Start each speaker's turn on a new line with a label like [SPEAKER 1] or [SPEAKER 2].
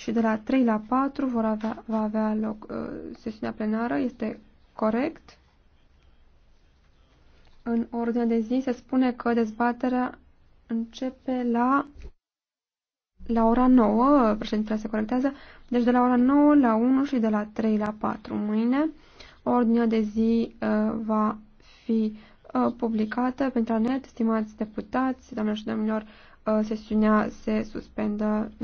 [SPEAKER 1] și de la 3 la 4 vor avea, va avea loc uh, sesiunea plenară. Este corect? În ordine de zi se spune că dezbaterea începe la, la ora 9, președintele se corectează, deci de la ora 9 la 1 și de la 3 la 4 mâine. Ordinea de zi uh, va fi uh, publicată pe intranet, stimați deputați, doamnelor și domnilor, uh, sesiunea se suspendă.